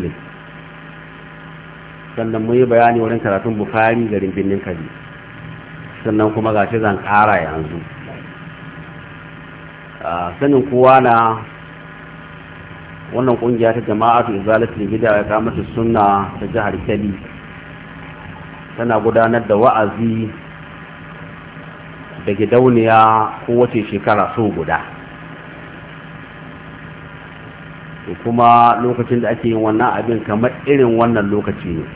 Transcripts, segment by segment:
muslim sannan mun yi bayani wurin karatun bukari garin birnin kabi sannan kuma gashi zan kara yanzu a ah, sanin kowa na wannan kungiya ta jama'atu izalatul gida ya kama ta sunna ta jihar Kebbi tana gudanar da wa'azi da gidauniya kowace shekara so guda kuma lokacin da ake yin wannan abin kamar irin wannan lokaci ne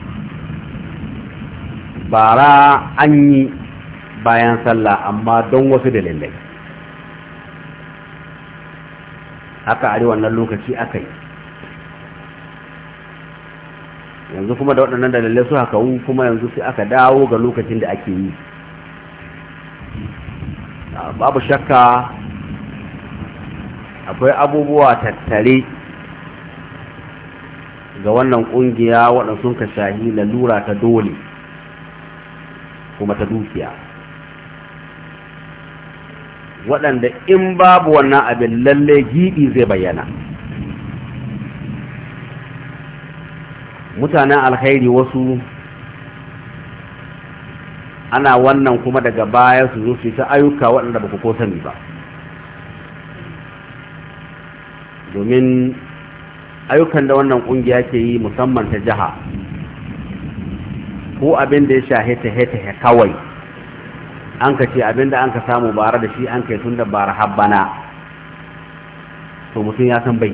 bara an yi bayan sallah amma don wasu dalilai haka a wannan lokaci aka yi yanzu kuma da waɗannan dalilai su haka kuma yanzu sai aka dawo ga lokacin da ake yi babu shakka akwai abubuwa tattare ga wannan kungiya waɗanda sun ka shahi lalura ta dole kuma ta dukiya waɗanda in babu wannan abin lalle giɗi zai bayyana mutanen alkhairi wasu ana wannan kuma daga baya su zo su ta ayyuka waɗanda ba ku ko sani ba domin ayyukan da wannan kungiya ke yi musamman ta jiha ko abin da ya shahe ta heta kawai an ka ce abin da an ka samu bara da shi an kai tun da bara habbana to mutum ya san bai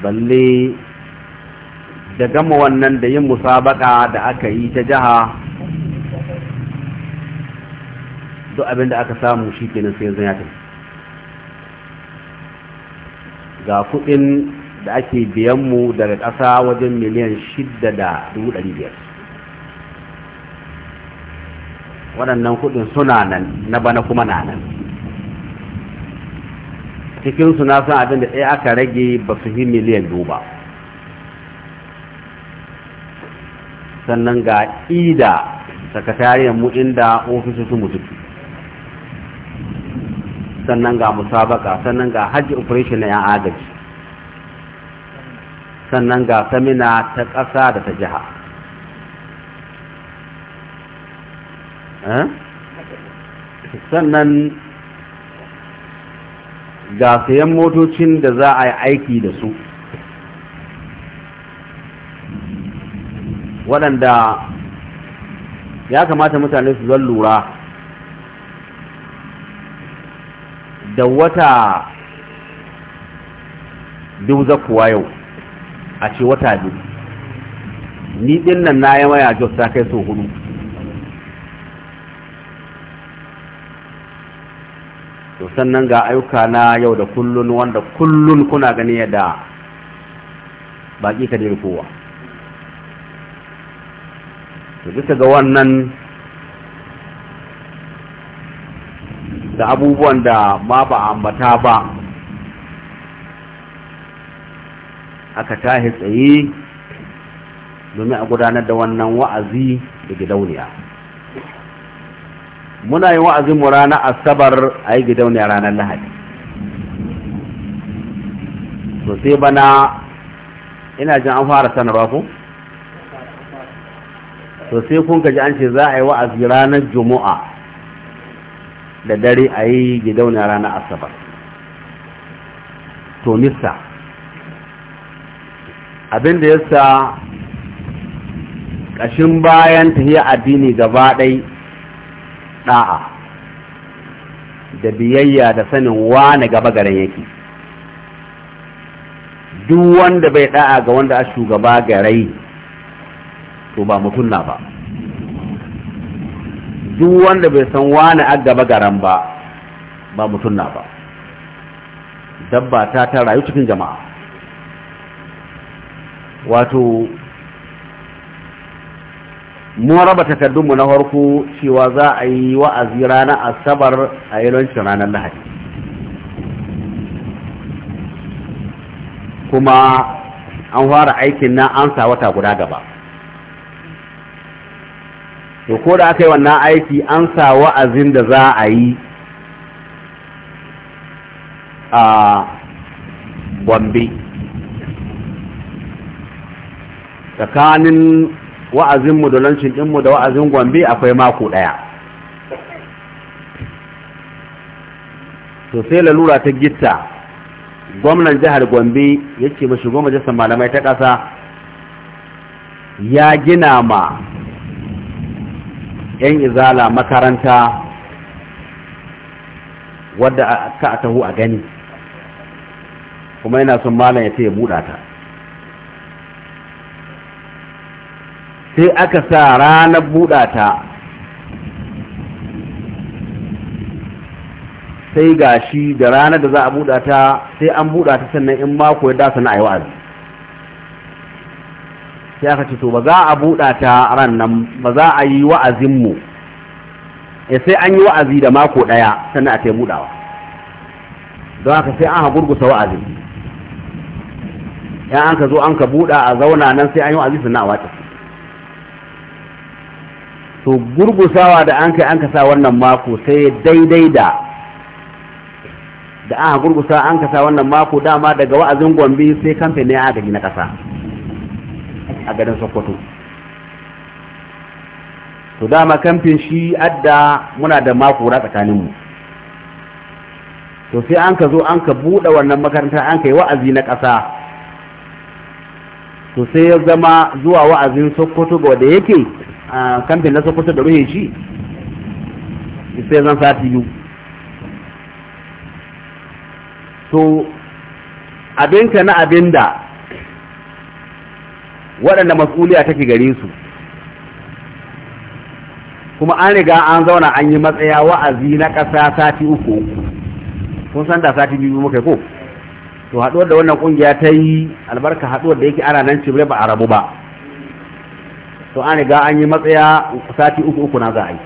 balle da gama wannan da yin musabaka da aka yi ta jiha duk abin da aka samu shi kenan sai yanzu ya tafi ga kuɗin da ake biyanmu daga ƙasa wajen miliyan shida da dubu ɗari biyar waɗannan kuɗin suna nan na bana kuma na nan cikinsu na san abin da ɗaya aka rage ba su yi miliyan ba, sannan ga ida sakatariyar mu inda ofisoshin mutu sannan ga musabaka sannan ga hajji operation na 'yan agaji sannan ga samina ta ƙasa da ta jiha eh? sannan ga sayan motocin da za a yi aiki da su waɗanda ya kamata mutane su zan lura da wata biyu kuwa yau a ce wata biyu ni din nan na yi maya jos ta kai so hudu to sannan ga ayyuka na yau da kullun wanda kullun kuna gani yadda baki ka kowa to bisa ga wannan da abubuwan da ma ba ambata ba aka tahi tsaye domin a gudanar da wannan wa'azi da gidauniya muna yin wa'azin mu rana asabar a yi gidauniya ranar lahadi to sai bana ina jin an fara sanarwa ku. to sai kun gaji an ce za a yi wa'azi ranar juma'a da dare a yi gidauniya ranar asabar to nisa abinda ya sa ƙashin bayan ta yi addini gaba ɗai ɗa'a da biyayya da sanin wane gaba garin yake duk wanda bai ɗa'a ga wanda a shugaba garai to ba mutunna ba duk wanda bai san wani a gaba garan ba ba mutum na ba dabba ta ta rayu cikin jama'a wato mun raba takardunmu na farko cewa za a yi wa'azi ranar asabar a yi ranar lahadi kuma an fara aikin na amsa wata guda gaba to ko da aka yi wannan aiki an sa wa'azin da za a yi a gombe tsakanin wa'azinmu da lancin ɗinmu da wa'azin gombe akwai mako ɗaya to sai lalura ta gitta gwamnan jihar gombe ya ce mashi goma jasa malamai ta ƙasa ya gina ma yan izala makaranta wadda ka a taho a gani kuma yana son malam ya ce ya buɗa sai aka sa ranar buɗa ta sai gashi da ranar da za a buɗa sai an buɗa ta sannan in mako ya dasa na a yi wa'azi sai aka ce to ba za a buɗa ta ran nan ba za a yi wa'azin mu eh, sai an yi wa'azi da mako ɗaya sannan a ta buɗawa don haka sai an gurgusa wa'azin ya an ka zo an ka buɗa a zauna nan sai an yi wa'azi sannan a wace to gurgusawa da an kai an ka sa wannan mako sai daidai da da ha gurgusa an sa wannan mako dama daga wa'azin gombe sai kamfe ne aka na ƙasa. a garin sokoto to dama kamfin shi adda muna da makura tsakaninmu to sai an ka zo an ka buɗe wannan makaranta an ka yi wa'azi na ƙasa to sai ya zama zuwa wa'azin sokoto ga wanda yake a kamfin na sokoto da ruhe shi sai zan sati biyu to abinka na abinda waɗanda mas'uliya take gare su kuma an riga an zauna an yi matsaya wa'azi na ƙasa sati uku kun san da sati biyu muka ko to haɗuwar da wannan ƙungiya ta yi albarka haɗuwar da yake ana nan cibiyar ba a rabu ba to an riga an yi matsaya sati uku uku na za a yi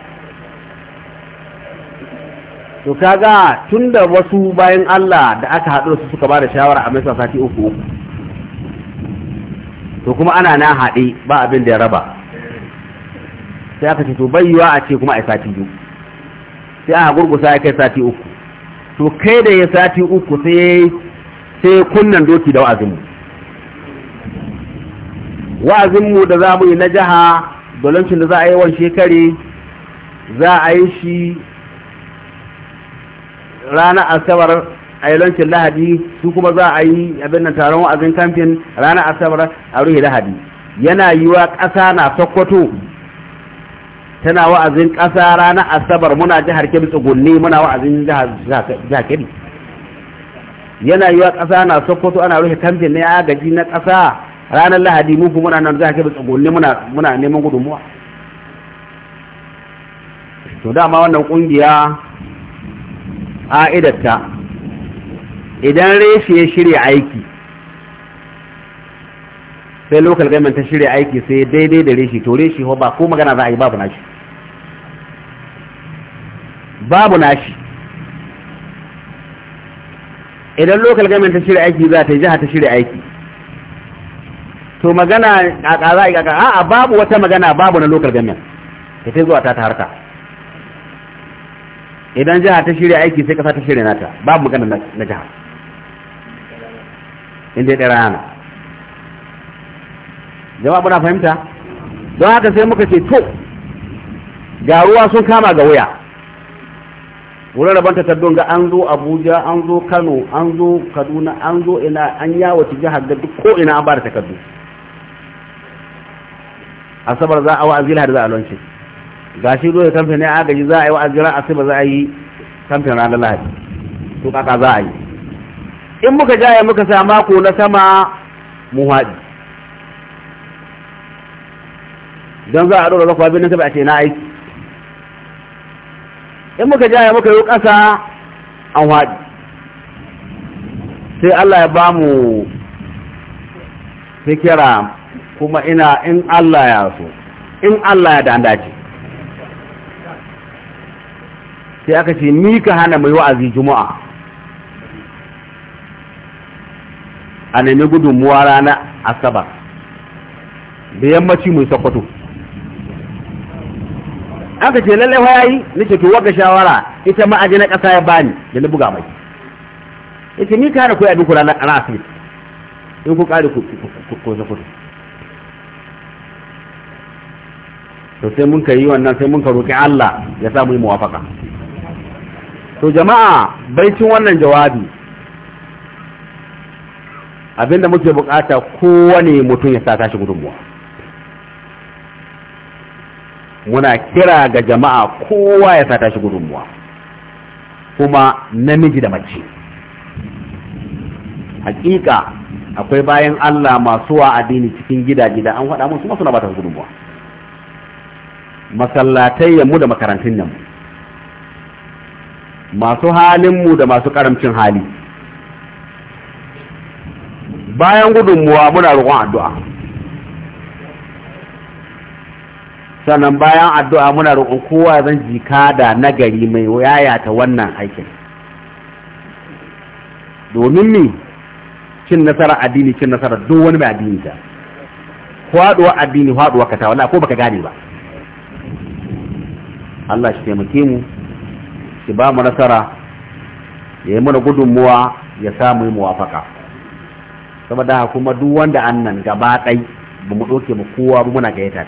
to kaga tun da wasu bayan Allah da aka haɗu su suka ba da shawara a mai sati uku uku to kuma ana na haɗe ba abin da ya raba sai aka ce to bayyuwa a ce kuma a sati biyu sai a gurgusa ya kai sati uku to kai da ya sati uku sai kunnan doki da wa'azinmu wa'azinmu da za mu yi na jiha dolancin da za a yi wani shekari za a yi shi ranar asabar a yi lancin lahadi su kuma za a yi abin nan taron wa'azin kamfin ranar asabar a ruhi lahadi yana yiwa ƙasa na sokoto tana wa'azin ƙasa ranar asabar muna jihar kebbi tsugunni muna wa'azin jihar kebbi yana yiwa ƙasa na sokoto ana ruhi kamfin na agaji na ƙasa ranar lahadi mu kuma muna nan jihar kebbi tsugunni muna neman gudunmuwa to dama wannan ƙungiya a'idarta idan reshe ya shirya aiki sai local government ta shirya aiki sai daidai da reshe to reshe ho ba ko magana za a yi babu nashi babu nashi idan local government ta shirya aiki za ta yi jiha ta shirya aiki to magana a ƙaza a ƙaƙa a babu wata magana babu na local government ta ta zuwa ta ta harka idan jiha ta shirya aiki sai ƙasa ta shirya nata babu magana na jiha in dai ɗaya rana jama'a na fahimta don haka sai muka ce to ga ruwa sun kama ga wuya wurin rabon takardun ga an zo abuja an zo kano an zo kaduna an zo ina an yawace jihar da duk ko ina an ba da takardu asabar za a azila da za a lonce ga shi da kamfani agaji za a yi wa'azi ran asabar za a yi kamfani ranar lahadi to kaka za a yi in muka jaya muka sa mako na sama mu haɗi don za a ɗora zakwa birnin saba a ce na aiki in muka jaya muka yi ƙasa an haɗi sai Allah ya ba mu fikira kuma ina in Allah ya so in Allah ya da sai aka ce ni ka hana mai wa'azi juma'a a nemi gudunmuwa rana asabar da yammaci mai sakwato ka ce lallai wa yayi ce to waka shawara ita ma aje na kasa ya bani da na buga mai yake ni kare ku abin kula na asibiti in ku kare ku ku sakwato to sai mun kai wannan sai mun ka roki Allah ya sa mu yi muwafaka to jama'a baicin wannan jawabi abinda muke bukata kowane mutum ya sa tashi gudunmuwa muna kira ga jama'a kowa ya sa tashi gudunmuwa kuma namiji da mace hakika akwai bayan Allah masu wa addini cikin gidaje da an faɗa musu masu na bata gudunmuwa masallatai mu da makarantun nan masu halin mu da masu karamcin hali bayan gudunmuwa muna roƙon addu'a sannan bayan addu'a muna roƙon kowa zan jika da nagari mai yayata wannan aikin domin ne cin nasara addini cin nasara duk wani mai addini ta faɗuwa addini faɗuwa kata wala ko baka gane ba Allah shi taimake mu shi ba mu nasara ya yi mana gudunmuwa ya samu yi muwafaka saboda kuma duk wanda annan gaba ɗai ba mu ɗauke mu kowa ba muna gaya ta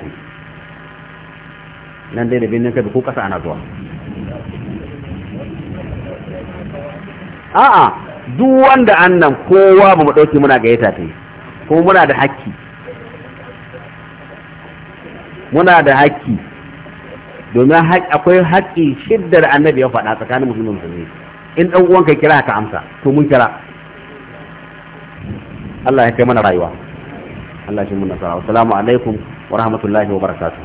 nan dai da binin kai ko ƙasa ana zuwa a'a duk wanda annan kowa ba mu ɗauke muna gaya ta kuma muna da haƙƙi muna da haƙƙi domin akwai haƙƙi shiddar annabi ya faɗa tsakanin musulmi musulmi in ɗan kai kira ka amsa to mun kira Allah ya kai mana rayuwa Allah shi mun nasara assalamu alaikum wa rahmatullahi wa barakatuh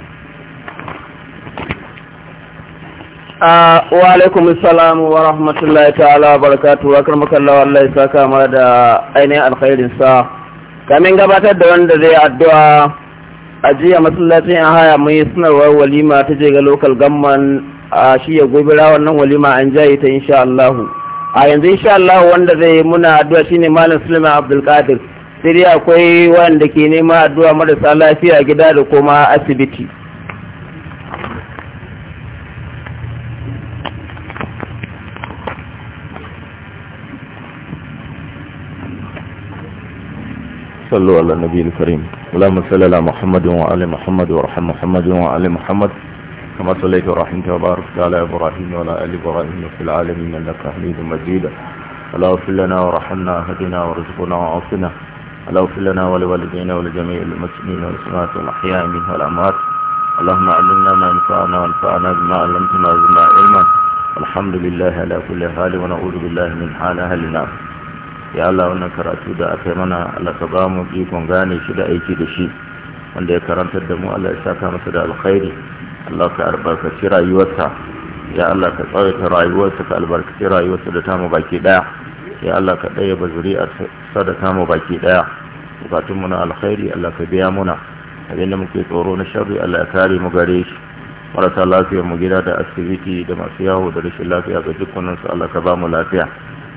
ah, wa alaikum assalam wa rahmatullahi ta'ala wa barakatuh akar makallawa Allah ya saka mana da ainihin alkhairin sa kamin gabatar da wanda zai addu'a a jiya masallacin an haya mai sanarwar walima ta je ga local gamman a ah, shi ya gobe rawan nan walima an jayi ta insha Allah a yanzu insha Allah wanda zai muna addu'a shine malam Sulaiman Abdul Qadir sai dai akwai wanda ke nema addu'a marasa lafiya gida da kuma asibiti صلوا ala النبي ala اللهم صل على محمد وعلى محمد وارحم محمد وعلى محمد كما صليت ورحمت وباركت على إبراهيم وعلى آل إبراهيم في العالمين إنك حميد مجيد اللهم اغفر لنا ورحمنا هدنا وارزقنا وعافنا اللهم اغفر لنا ولوالدينا ولجميع المسلمين والمسلمات والأحياء منهم والأموات اللهم علمنا ما ينفعنا وانفعنا بما علمتنا وزدنا علما الحمد لله على كل حال ونعوذ بالله من حال أهل النار ya Allah wannan karatu da aka yi mana Allah ka ba mu ikon gane shi da aiki da shi wanda ya karantar da mu Allah ya saka masa da alkhairi Allah ka albarkaci rayuwarsa ya Allah ka tsawaita rayuwarsa ka albarkaci rayuwarsa da tamu baki daya ya Allah ka bazuri a zuri'arsa da tamu baki daya bukatun mu na alkhairi Allah ka biya muna abin da muke tsoro na sharri Allah ya kare mu gare shi marasa lafiyar mu gida da asibiti da masu yawo da rashin lafiya ga dukkanin su Allah ka ba mu lafiya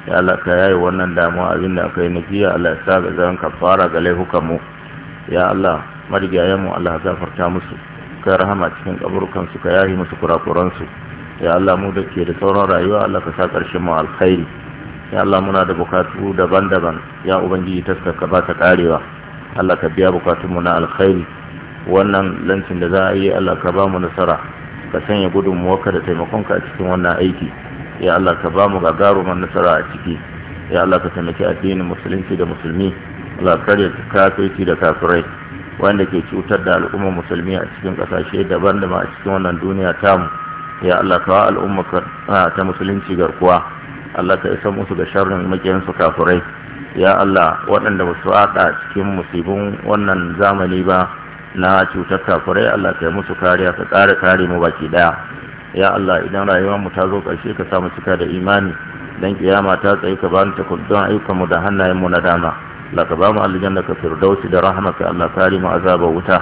ya Allah ka yaye wannan damuwa abin da aka yi na jiya Allah ya sa ga zan kafara ga laifukan mu ya Allah marigayenmu Allah gafarta musu kai rahama cikin kaburukansu ka yahi musu kurakuransu ya Allah mu da ke da sauran rayuwa Allah ka sa ƙarshen mu alkhairi ya Allah muna da bukatu daban-daban ya ubangiji taska ka ba ta karewa Allah ka biya bukatunmu na alkhairi wannan lancin da za a yi Allah ka ba mu nasara ka sanya waka da taimakonka a cikin wannan aiki ya Allah ka ba mu gagarumar nasara a ciki ya Allah ka taimaki addinin musulunci da musulmi ga kafirci da kafirai wanda ke cutar da al'ummar musulmi a cikin ƙasashe daban da ma a cikin wannan duniya tamu ya Allah kawo al'umma ah, ta musulunci garkuwa Allah ka isa musu da sharrin makiyansu kafirai ya Allah waɗanda ba su haɗa cikin musibin wannan zamani ba na cutar kafirai Allah ka yi musu kariya ka tsare kare mu baki ɗaya ya Allah idan rayuwar mu ta zo ƙarshe ka sa mu cika da imani dan kiyama ta tsaye ka bani takardun ayyukan mu da hannayen mu na dama Allah ka ba mu aljanna ka firdausi da rahmaka Allah kare mu azabar wuta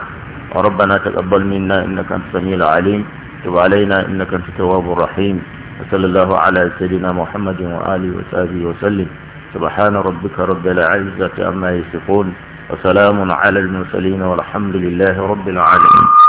ربنا تقبل منا إنك أنت السميع العليم تب علينا إنك أنت التواب الرحيم وصلى الله على سيدنا محمد وآله وصحبه وسلم سبحان ربك رب العزة عما يصفون وسلام على المرسلين والحمد لله رب العالمين